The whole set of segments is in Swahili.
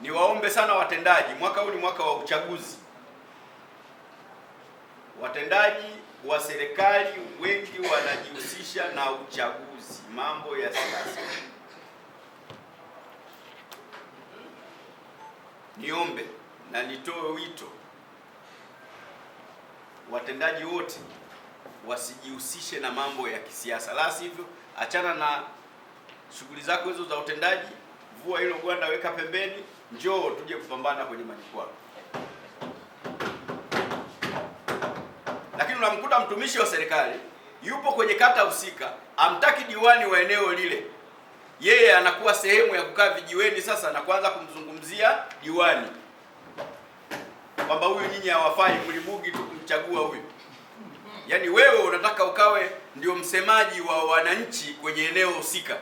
niwaombe sana watendaji, mwaka huu ni mwaka wa uchaguzi. Watendaji wa serikali wengi wanajihusisha na uchaguzi, mambo ya siasa. Niombe na nitoe wito, watendaji wote wasijihusishe na mambo ya kisiasa, la sivyo, achana na shughuli zako hizo za utendaji, vua hilo gwanda, weka pembeni njoo tuje kupambana kwenye majukwaa. Lakini unamkuta mtumishi wa serikali yupo kwenye kata husika, amtaki diwani wa eneo lile, yeye anakuwa sehemu ya kukaa vijiweni sasa na kuanza kumzungumzia diwani kwamba huyu nyinyi hawafai, mlibugi tu kumchagua huyu. Yaani wewe unataka ukawe ndio msemaji wa wananchi kwenye eneo husika.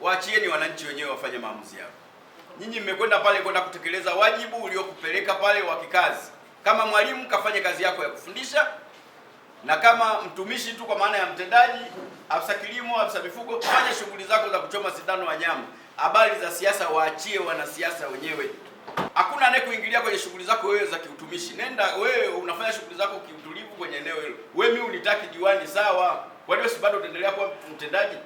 Waachieni wananchi wenyewe wafanye maamuzi yao nyinyi mmekwenda pale kwenda kutekeleza wajibu uliokupeleka pale wa kikazi. Kama mwalimu kafanya kazi yako ya kufundisha, na kama mtumishi tu kwa maana ya mtendaji, afisa kilimo, afisa mifugo, fanya shughuli zako za kuchoma sindano wanyama. Habari za siasa waachie wanasiasa wenyewe. Hakuna kuingilia kwenye shughuli zako wewe za kiutumishi. Nenda wewe unafanya shughuli zako kiutulivu kwenye eneo hilo. Wewe mimi unitaki diwani sawa. Kwa nini bado utaendelea kuwa mtendaji?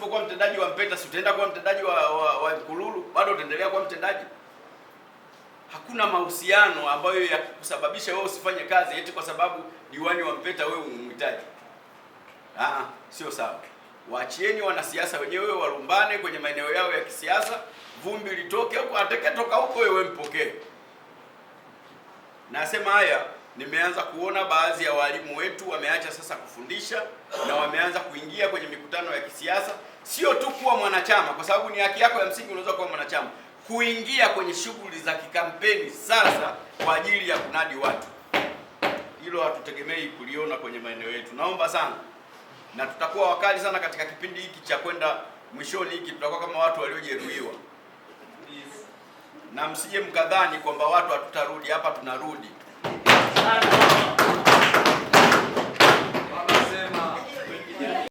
usipokuwa mtendaji wa Mpeta, si utaenda kuwa mtendaji wa, wa, wa Mkululu? Bado utaendelea kuwa mtendaji. Hakuna mahusiano ambayo ya kusababisha wewe usifanye kazi eti kwa sababu diwani wa Mpeta wewe umhitaji. Ah, sio sawa. Waachieni wanasiasa wenyewe walumbane kwenye maeneo yao ya kisiasa, vumbi litoke huko, ateke toka huko, wewe mpokee. Nasema haya nimeanza kuona baadhi ya walimu wetu wameacha sasa kufundisha na wameanza kuingia kwenye mikutano ya kisiasa. Sio tu kuwa mwanachama, kwa sababu ni haki yako ya msingi, unaweza kuwa mwanachama, kuingia kwenye shughuli za kikampeni sasa kwa ajili ya kunadi watu. Hilo hatutegemei kuliona kwenye maeneo yetu. Naomba sana, na tutakuwa wakali sana katika kipindi hiki cha kwenda mwishoni hiki, tutakuwa kama watu waliojeruhiwa, na msije mkadhani kwamba watu hatutarudi hapa, tunarudi. Thank you.